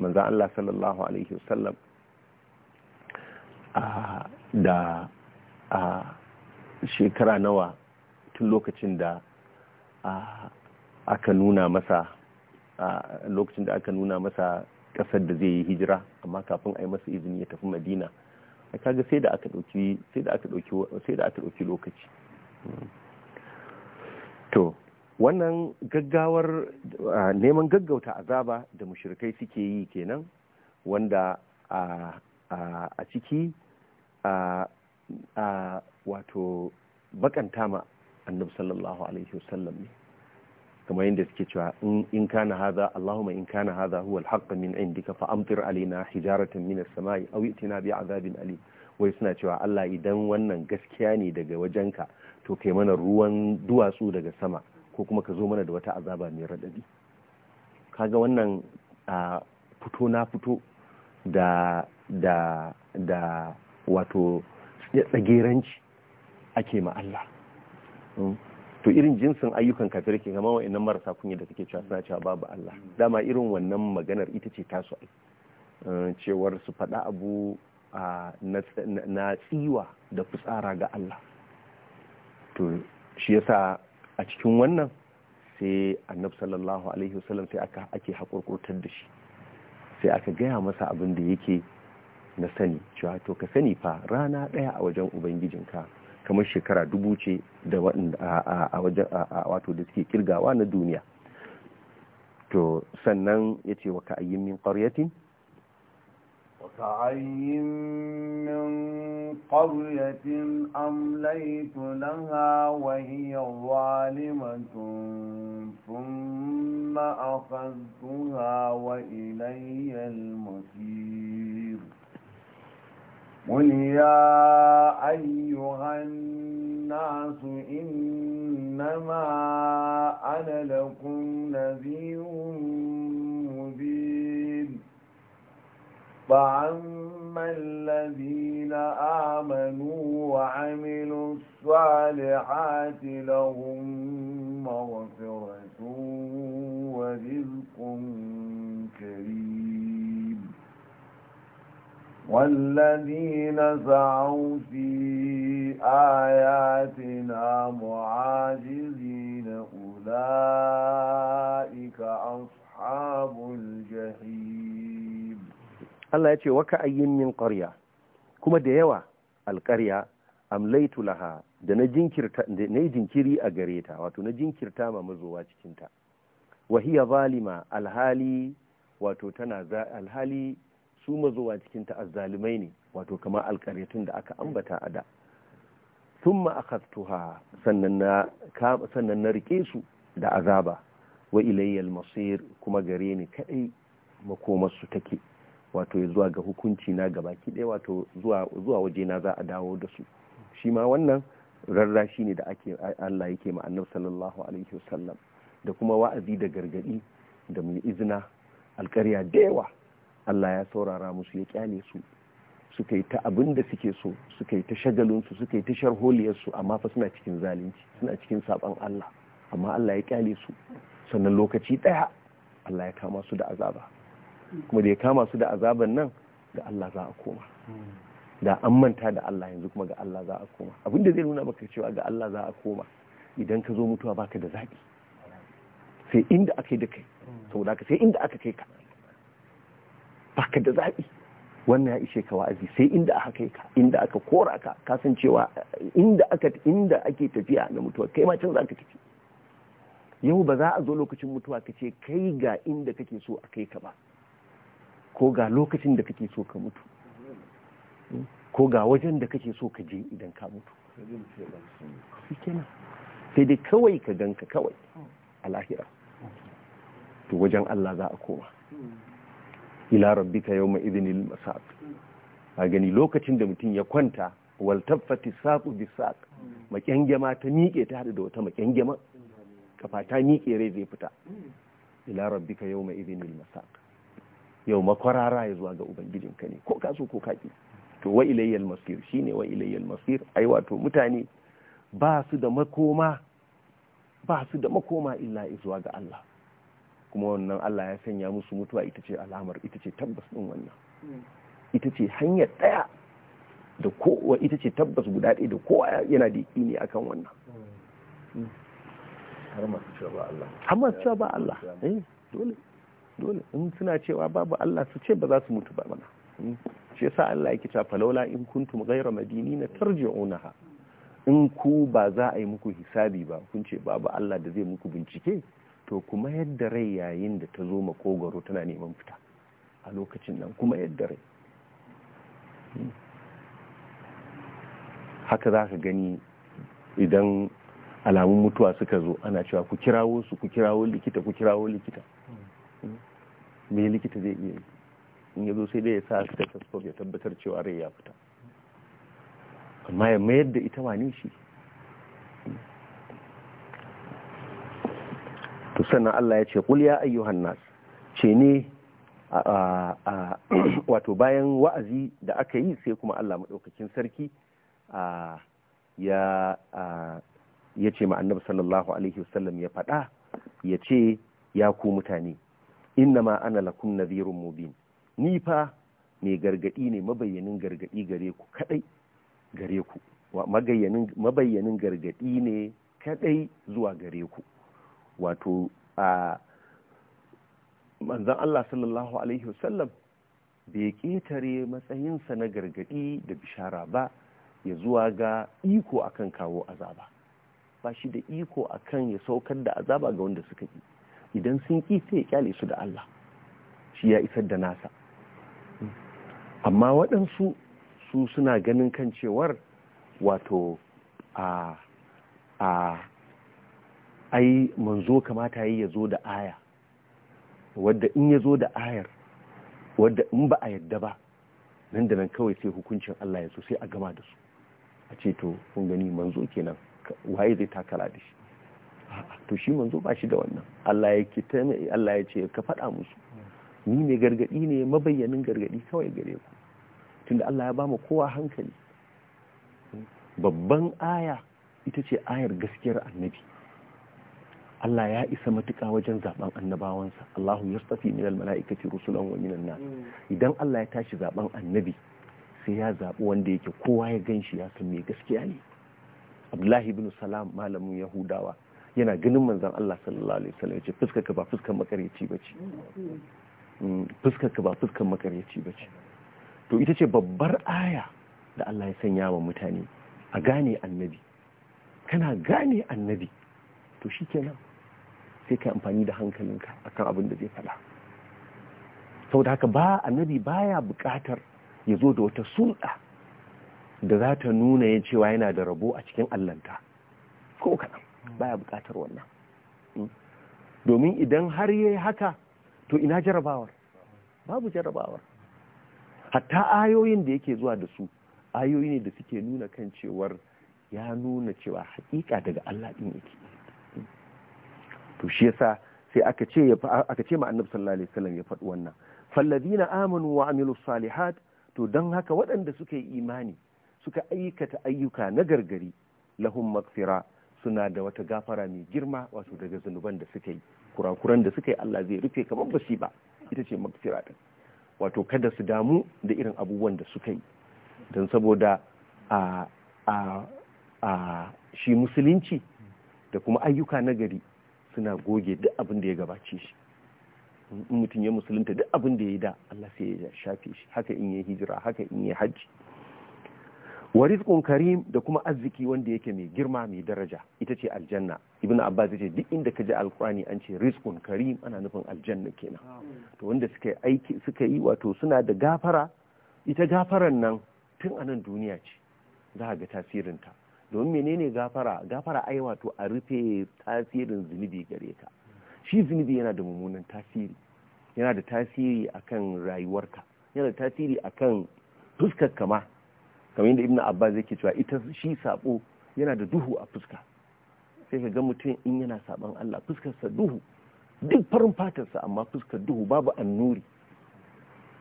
manzan Allah sallallahu Alaihi wasallam da shekara nawa tun lokacin da aka nuna masa lokacin da aka nuna masa kasar da zai yi hijira amma kafin a yi masa izini ya tafi madina a kaga sai da aka ɗauki lokaci to wannan gaggawar neman gaggauta azaba da mushrikai suke yi kenan wanda a ciki a wato bakanta ma annabi sallallahu alaihi wasallam ne kamar yadda suke cewa in kana haza, Allahumma in kana haza huwa alhaqqa min indika fa amtir alaina hijaratan min as-sama'i aw itina bi azabin alim wai suna cewa Allah idan wannan gaskiya ne daga wajenka to kai mana ruwan duwatsu daga sama ko kuma ka zo mana da wata azaba mai raɗaɗi kaga wannan a fito na fito da da da wato tsageranci ake ma Allah hmm. to irin jinsin ayyukan kafir ke kama wa'annan marasa kunya da kake cewa cewa babu Allah dama irin wannan maganar ita ce tasu ai hmm, cewar su faɗa abu na tsiwa da fitsara ga Allah to shi yasa a cikin wannan sai annabi sallallahu alaihi wasallam sai aka ake hakurkurtar da shi sai aka gaya masa abin da yake na sani cewa to ka sani fa rana ɗaya a wajen ubangijinka kamar shekara dubu ce da a wajen wato da suke kirgawa na duniya to sannan ya ce wa ka'ayyin min ƙaryatin وكعين من قرية أمليت لها وهي ظالمة ثم أخذتها وإلي المصير قل يا أيها الناس إنما أنا لكم نذير مبين فأما الذين آمنوا وعملوا الصالحات لهم مغفرة ورزق كريم والذين سعوا في آياتنا معاجزين أولئك أصحاب الجحيم Allah ya ce waka ayyin min ƙarya kuma da yawa alƙarya amlaitu laha da na jinkirta da na jinkiri a gare ta wato na jinkirta ma mazowa cikin ta hiya zalima alhali wato tana alhali su mazowa cikin ta azzalimai ne wato kamar alƙaryatun da aka ambata a da thumma akhadtuha sannan na sannan na rike su da azaba wa ilayyal masir kuma gare ni kadai makomarsu take wato zuwa ga hukunci na gabaki ɗaya wato zuwa waje na za a dawo da su shi ma wannan rarrashi ne da ake Allah yake ma annabi sallallahu alaihi wasallam da kuma wa'azi da gargadi da mai izina alƙarya da yawa Allah ya saurara musu ya kyale su suka yi ta abin da suke so suka yi ta shagalinsu suka yi ta sharholiyarsu amma fa suna cikin zalunci suna cikin saban Allah amma Allah ya kyale su sannan lokaci ɗaya Allah ya kama su da azaba kuma da ya kama su da azaban nan ga Allah za a koma da an manta da Allah yanzu kuma ga Allah za a koma abin da zai nuna maka cewa ga Allah za a koma idan ka zo mutuwa baka da zaɓi sai inda aka yi da kai saboda ka sai inda aka kai ka baka da zaɓi wannan ya ishe ka wa'azi sai inda aka kai ka inda aka kora ka kasancewa inda aka inda ake tafiya na mutuwa kai ma can za ka tafi yau ba za a zo lokacin mutuwa ka ce kai ga inda kake so a kai ka ba ko ga lokacin da kake so ka mutu ko ga wajen da kake so ka je idan ka mutu sai dai kawai ka ganka kawai a lahira to wajen Allah za a koma ila rabbika yawma idhinil masaq a gani lokacin da mutum ya kwanta wal taffati saqu bisaq makyangema ta miƙe ta hada da wata makyangema kafa ta miƙe rai zai fita ila rabbika yawma izinin masaq yau makwarara ya zuwa ga ubangijinka ne ko kaso ko kaki to wa ilayyal masir shine wa ilayyal masir ai wato mutane ba su da makoma ba su da makoma illa zuwa ga Allah kuma wannan Allah ya sanya musu mutuwa ita ce alamar ita ce tabbas din wannan ita ce hanyar daya da kowa ita ce tabbas guda ɗaya da kowa yana da yakini akan wannan har ma su ba Allah har masu ba Allah eh dole dole in suna cewa babu Allah su ce ba za su mutu ba mana shi yasa Allah yake cewa falola in kuntum ghayra madinina tarji'unaha in ku ba za a yi muku hisabi ba kun ce babu Allah da zai muku bincike to kuma yadda rai yayin da ta zo makogaro tana neman fita a lokacin nan kuma yadda rai haka za ka gani idan alamun mutuwa suka zo ana cewa ku kirawo su ku kirawo likita ku kirawo likita me likita zai iya yi in ya zo sai dai ya sa stethoscope ya tabbatar cewa rai ya fita amma ya mayar da ita wane shi to sannan Allah ya ce qul ya ayyuhan nas ce ne wato bayan wa'azi da aka yi sai kuma Allah madaukakin sarki ya ya ce ma annabi sallallahu alaihi wasallam ya faɗa ya ce ya ku mutane ma ana lakum nadhirun mubin ni fa mai gargadi ne mabayyanin gargadi gare ku kadai gare ku mabayyanin gargadi ne kadai zuwa gare ku wato a manzon Allah sallallahu alaihi wasallam bai ƙetare matsayinsa na gargadi da bishara ba ya zuwa ga iko akan kawo azaba ba shi da iko akan ya saukar da azaba ga wanda suka yi idan sun ƙi sai ya kyale su da Allah shi ya isar da nasa amma waɗansu su suna ganin kan cewar wato a a ai manzo kamata yi ya zo da aya wadda in ya zo da ayar wadda in ba a yadda ba nan da nan kawai sai hukuncin Allah ya so sai a gama da su a ce to kun gani manzo kenan waye zai takala da shi to shi manzo ba shi da wannan Allah ya ki Allah ya ce ka faɗa musu ni ne gargadi ne mabayyanin gargadi kawai gare ku tunda Allah ya bamu kowa hankali babban aya ita ce ayar gaskiyar annabi Allah ya isa matuƙa wajen zaben annabawansa Allahu yastafi min almalaikati rusulan wa minan nas hmm. idan Allah ya tashi zaben annabi sai ya zabi wanda yake kowa ya ganshi ya san me gaskiya ne Abdullahi ibn Salam malamin Yahudawa yana ganin manzan Allah sallallahu alaihi wasallam ya ce fuskar ka ba fuskar makaryaci bace mm, fuskar ka ba fuskar makaryaci ce to ita ce babbar aya da Allah ya sanya wa mutane a gane annabi kana gane annabi to shi kenan sai ka amfani da hankalinka a kan abin da zai fada da haka ba annabi ba ya bukatar ya zo da wata sulɗa da za ta nuna ya cewa yana da rabo a cikin allanta ko kaɗan baya bukatar wannan mm. domin idan har yi haka to ina jarabawar babu jarabawar hatta ayoyin da yake zuwa da su ayoyi ne da suke nuna kan cewar ya nuna cewa hakika daga Allah din yake mm. to shi yasa sai aka ce aka ce ma annabi sallallahu alaihi wasallam ya faɗi wannan falladina amanu wa amilus salihat to don haka waɗanda suka yi imani suka aikata ayyuka na gargari lahum maghfira suna da wata gafara mai girma wato daga zunuban da suka yi kurakuran da suka yi Allah zai rufe kamar ba shi ba ita ce magfira din wato kada su damu da irin abubuwan da suka yi don saboda a shi musulunci da kuma ayyuka na gari suna goge duk abin da ya gabace shi mutum ya musulunta duk abin da ya yi da Allah sai ya shafe shi haka in ya hijira haka in ya hajji wa rizqun karim da kuma arziki wanda yake mai girma mai daraja ita ce aljanna ibn abbas yace duk inda ka ji alqurani an ce rizqun karim ana nufin aljanna kenan to wanda suka yi aiki suka yi wato suna da gafara ita gafaran nan tun anan duniya ce za ga tasirin ta domin menene gafara gafara ai wato a rufe tasirin zunubi gare ka shi zunubi yana da mummunan tasiri yana da tasiri akan rayuwarka yana da tasiri akan fuskar kama kamar yadda Abba zai ke cewa ita shi sabo yana da duhu a fuska sai ka ga mutum in yana saban Allah fuskarsa duhu duk farin fatarsa amma fuskar duhu babu annuri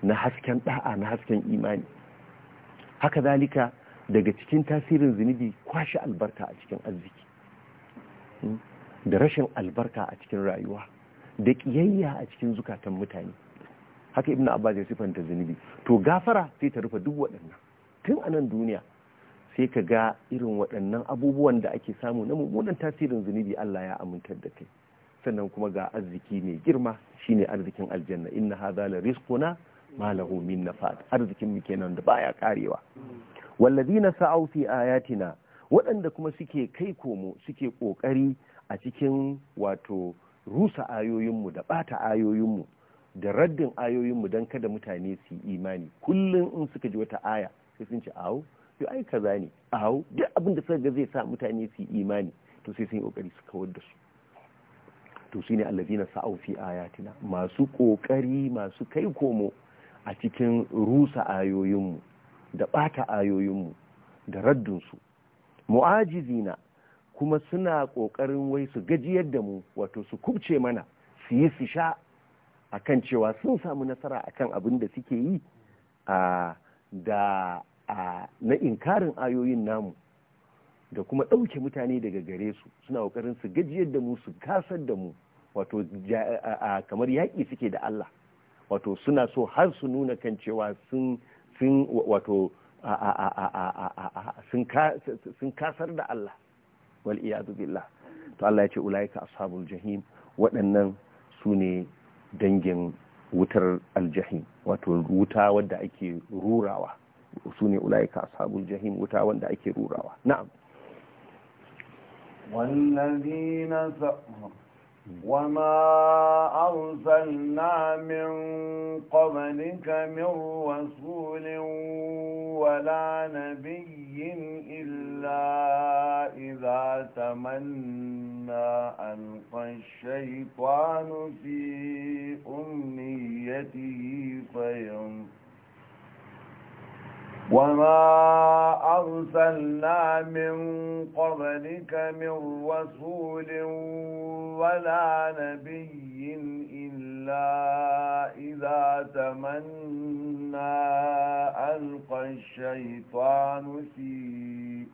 na hasken da'a na hasken imani haka zalika daga cikin tasirin zunubi kwashe albarka a cikin arziki hmm? da rashin albarka a cikin rayuwa da ƙiyayya a cikin zukatan mutane haka ibn Abba zai sifanta zunubi to gafara sai ta rufe duk waɗannan tun a nan duniya sai ka ga irin waɗannan abubuwan da ake samu na mummunan tasirin zunubi Allah ya amintar da kai sannan kuma ga arziki mai girma shine arzikin aljanna inna hadha la rizquna ma lahu min nafad arzikin mu kenan da baya karewa walladina sa'u fi ayatina waɗanda kuma suke kai komo suke ƙoƙari a cikin wato rusa ayoyinmu da ɓata ayoyinmu da raddin ayoyinmu don kada mutane su yi imani kullum in suka ji wata aya sai sun ci awo to ai kaza ne awo duk abin da suka zai sa mutane su yi imani to sai sun yi kokari su kawar da su to shine allazina sa'au fi ayatina masu kokari masu kai komo a cikin rusa ayoyinmu da bata ayoyinmu da su mu'ajizina kuma suna kokarin wai su gajiyar da mu wato su kubce mana su yi su sha akan cewa sun samu nasara akan abin da suke yi da na inkarin ayoyin namu da kuma ɗauke mutane daga gare su suna ƙoƙarin su gajiyar da mu su kasar da mu wato kamar yaƙi suke da Allah wato suna so har su nuna kan cewa sun sun wato sun kasar da Allah wal iyadu billah to Allah ya ce ulaika ashabul jahim waɗannan su ne dangin wutar aljahim wato wuta wadda ake rurawa su ne ya kawo sabon jan wuta wanda ake rurawa na'a. wannan zinarsa wa ma'aunsan naman kwamunan gamin wasu wani wula na bin yin illa izata manta an fafe kwanon fiye umni وما أرسلنا من قبلك من رسول ولا نبي إلا إذا تمنى ألقى الشيطان في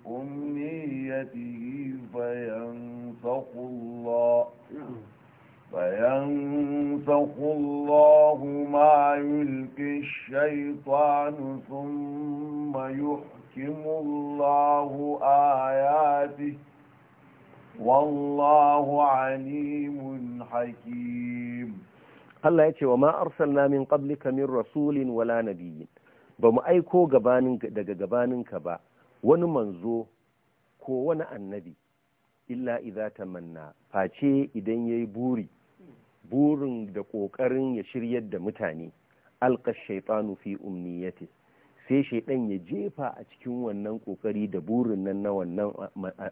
أمنيته فينسخ الله فينفخ الله ما يلقي الشيطان ثم يحكم الله آياته والله عليم حكيم الله يتي وما أرسلنا من قبلك من رسول ولا نبي بما أيكو غبانك دقا غبانك با ونمنزو كو ونأ النبي illa idza tamanna face idan yayi buri burin da ƙoƙarin ya shiryar da mutane alƙa shaitanu fi umniyati sai shaidan ya jefa a cikin wannan ƙoƙari da burin nan na wannan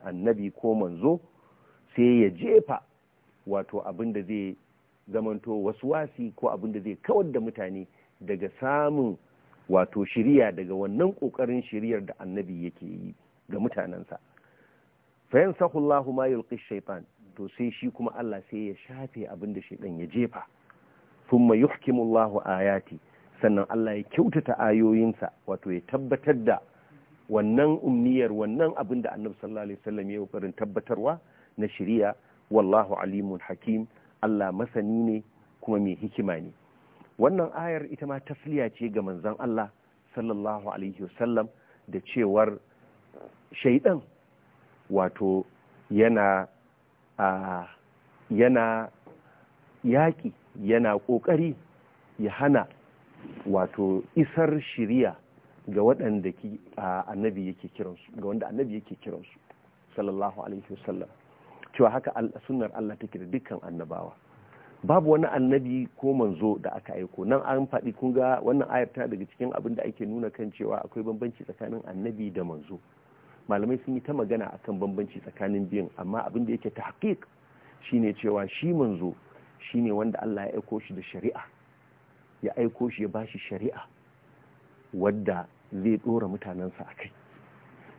annabi ko manzo sai ya jefa wato abin da zai zamanto wasi ko abin da zai kawar da mutane daga samun wato shirya daga wannan ƙoƙarin shiryar da annabi yake yi ga mutanensa fayan Allahu ma yulqi shaitan to sai shi kuma Allah sai ya shafe abin da ɗan ya jefa thumma yuhkimullahu ayati sannan Allah ya kyautata ayoyinsa wato ya tabbatar da wannan umniyar wannan abin da Annabi sallallahu alaihi wasallam ya kokarin tabbatarwa na shari'a wallahu alimun hakim Allah masani ne kuma mai hikima ne wannan ayar ita ma tasliya ce ga manzon Allah sallallahu alaihi wasallam da cewar shaidan wato yana yana yaƙi yana ƙoƙari ya hana wato isar shirya ga waɗanda annabi yake kiransu ga wanda annabi yake kiransu sallallahu alaihi wasallam cewa haka sunnar Allah take da dukkan annabawa babu wani annabi ko manzo da aka aiko nan an faɗi kun ga wannan ayar ta daga cikin abin da ake nuna kan cewa akwai bambanci tsakanin annabi da manzo malamai sun yi ta magana akan bambanci tsakanin biyun amma abin da yake shi shine cewa shi manzo shi ne wanda Allah ya aiko shi da shari'a ya aiko shi ya bashi shari'a wadda zai ɗora mutanensa a kai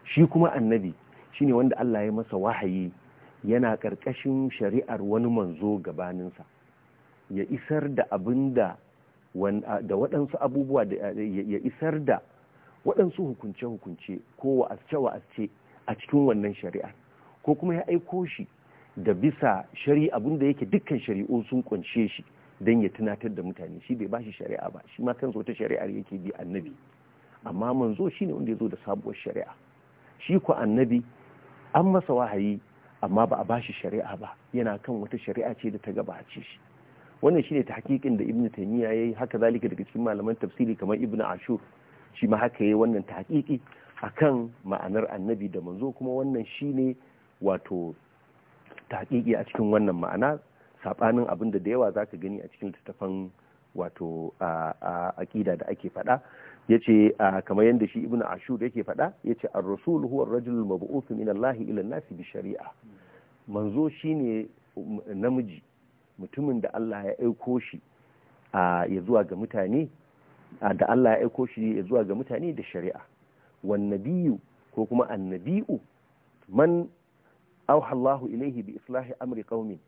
shi kuma annabi shi ne wanda Allah ya masa wahayi yana ƙarƙashin shari'ar wani manzo gabaninsa ya isar da abin da waɗansu abubuwa ya isar da waɗansu hukunce-hukunce ko wa'azce-wa'azce a cikin wannan shari'a ko kuma ya aiko shi da bisa shari'a abin da yake dukkan shari'o sun kunshe shi don ya tunatar da mutane shi bai bashi shari'a ba shi ma kansa wata shari'ar yake bi annabi amma manzo shine wanda ya zo da sabuwar shari'a shi ko annabi an masa wahayi amma ba a bashi shari'a ba yana kan wata shari'a ce da ta gabace shi wannan shine ta hakikin da ibnu ya yi haka zalika daga cikin malaman tafsiri kamar ibnu ashur shi ma haka yi wannan a kan ma'anar annabi da manzo kuma wannan shine wato tahqiqi a cikin wannan ma'ana saɓanin abin da da yawa ka gani a cikin littattafan wato a aƙida da ake faɗa ce kamar yadda shi ibnu ashur yake faɗa yace ce rasul huwa ar-rajul mab'uth min Allah ila nasi bi shari'a manzo shine namiji mutumin da Allah ya aiko shi ya zuwa ga mutane da Allah ya aiko shi ya zuwa ga mutane da shari'a wan nabiyu ko kuma annabi'u man auha Allah ilaihi bi islahi amri qaumin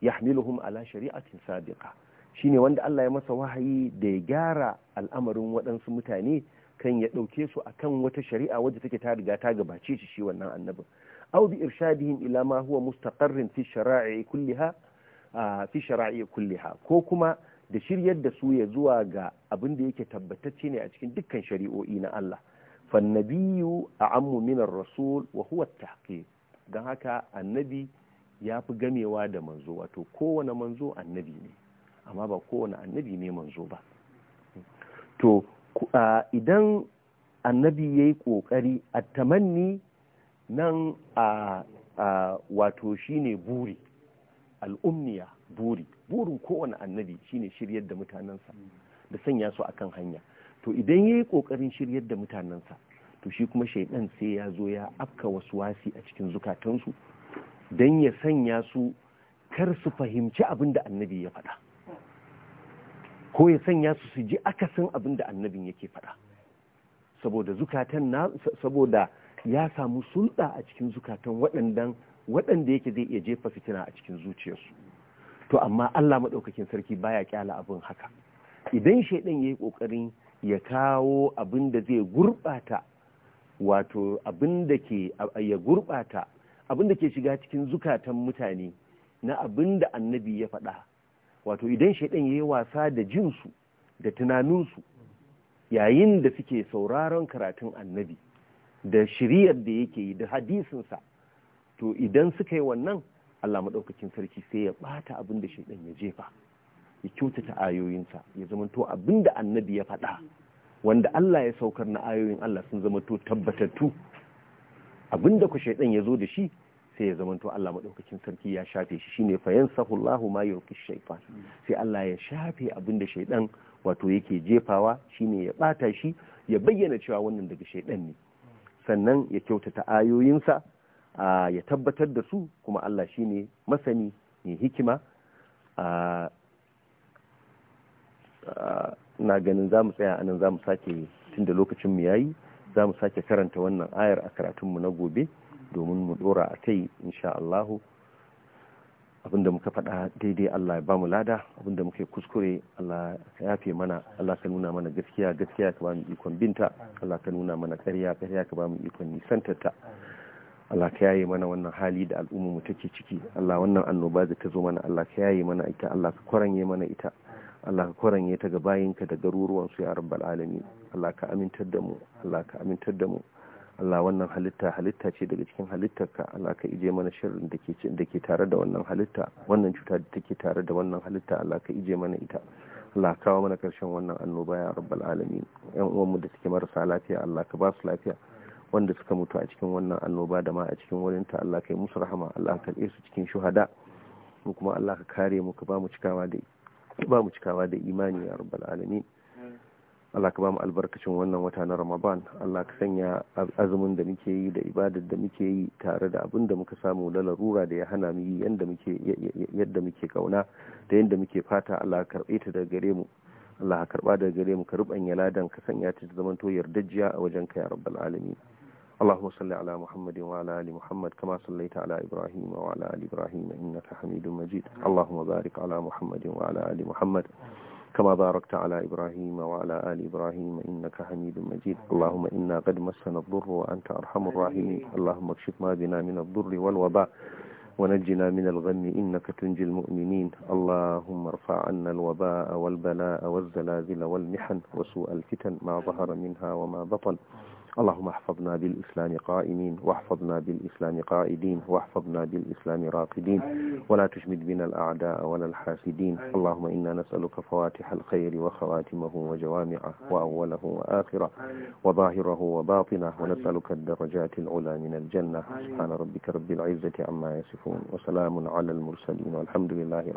yahmiluhum ala shari'atin sabiqa shine wanda Allah ya masa wahayi da ya gyara al'amarin waɗansu mutane kan ya ɗauke su akan wata shari'a wadda take ta riga ta gabace shi shi wannan annabin aw bi irshadihim ila ma huwa mustaqarrin fi shara'i kulliha fi shara'i kulliha ko kuma da shiryar da su ya zuwa ga abin da yake tabbatacce ne a cikin dukkan shari'o'i na Allah fannabiyu a ammu minar rasul wa huwa tahqiq don haka annabi ya fi gamewa da manzo wato kowane manzo annabi ne amma ba kowane annabi ne manzo ba to idan annabi ya yi ƙoƙari a tamanni nan a wato shine buri al'ummiya buri burin kowane annabi shine shiryar da mutanensa hmm. da sanya su akan hanya to idan ya yi kokarin shiryar da mutanensa to shi kuma shaidan sai ya zo ya afka wasu wasi a cikin zukatansu don ya sanya su kar su fahimci abin da annabi ya faɗa ko ya sanya su su ji akasin abin da annabin yake faɗa saboda zukatan na saboda ya samu sulɗa a cikin zukatan waɗandan waɗanda yake zai iya jefa fitina a cikin zuciyarsu to amma Allah maɗaukakin sarki baya kyala abin haka idan shaidan ya yi ƙoƙarin ya kawo abin da zai gurɓata wato abin da ke ya gurɓata abin da ke shiga cikin zukatan mutane na abin da annabi ya faɗa wato idan shaidan ya yi wasa da jinsu da tunaninsu yayin da suke sauraron karatun annabi da shiriyar da yake yi da hadisinsa to idan suka yi wannan Allah maɗaukakin sarki sai ya ɓata abin da shaidan ya jefa ya kyautata ayoyinsa ya zama to abin da annabi ya faɗa wanda Allah ya saukar na ayoyin Allah sun zama to tabbatattu abin da ku ya zo da shi sai ya zama to Allah maɗaukakin sarki ya shafe shi shine fayansa yansahu ma yulqi sai Allah ya shafe abin da shaidan wato yake jefawa shine ya ɓata shi ya bayyana cewa wannan daga shaidan ne sannan ya kyautata ayoyinsa ya tabbatar da su kuma Allah shi ne masani ne hikima na ganin za mu tsaya anan za mu sake tun da lokacin mu yayi za mu sake karanta wannan ayar a karatunmu na gobe domin mu dora a kai insha Allahu abinda muka faɗa daidai Allah ya ba mu lada abinda muka yi kuskure Allah ya yafe mana Allah ka nuna mana gaskiya gaskiya ka ba mu ikon binta Allah ka nuna mana ƙarya ƙarya ka ba mu ikon nisantarta Allah ka yaye mana wannan hali da al'umma mu take ciki Allah wannan annoba da ta zo mana Allah ka yaye mana ita Allah ka kwaranye mana ita Allah ka kwaranye ta ga bayinka da garuruwan su ya rabbal alamin Allah ka amintar da mu Allah ka amintar da mu Allah wannan halitta halitta ce daga cikin halittarka Allah ka ije mana shirin da ke da ke tare da wannan halitta wannan cuta da take tare da wannan halitta Allah ka ije mana ita Allah ka kawo mana karshen wannan annoba ya rabbal alamin yan uwanmu da suke marasa lafiya Allah ka ba su lafiya wanda suka mutu a cikin wannan annoba da ma a cikin wurin ta Allah kai musu rahama Allah ka su cikin shuhada mu kuma Allah ka kare mu ka ba mu cikawa da ba mu cikawa da imani ya rabbal alamin Allah ka ba mu albarkacin wannan wata na Ramadan Allah ka sanya azumin da muke yi da ibadar da muke yi tare da abin da muka samu da larura da ya hana mu yi yadda muke yadda muke kauna da yadda muke fata Allah ka karbe ta daga gare mu Allah ka karba daga gare mu ka rubanya ladan ka sanya ta zaman to yardajiya a wajen ka ya rabbal alamin اللهم صل على محمد وعلى آل محمد كما صليت على إبراهيم وعلى آل إبراهيم إنك حميد مجيد اللهم بارك على محمد وعلى آل محمد كما باركت على إبراهيم وعلى آل إبراهيم إنك حميد مجيد اللهم إنا قد مسنا الضر وأنت أرحم الراحمين اللهم اكشف ما بنا من الضر والوباء ونجنا من الغم إنك تنجي المؤمنين اللهم ارفع عنا الوباء والبلاء والزلازل والمحن وسوء الفتن ما ظهر منها وما بطن اللهم احفظنا بالإسلام قائمين واحفظنا بالإسلام قائدين واحفظنا بالإسلام راقدين ولا تشمد بنا الأعداء ولا الحاسدين اللهم إنا نسألك فواتح الخير وخواتمه وجوامعه وأوله وآخره وظاهره وباطنه ونسألك الدرجات العلى من الجنة سبحان ربك رب العزة عما يصفون وسلام على المرسلين والحمد لله رب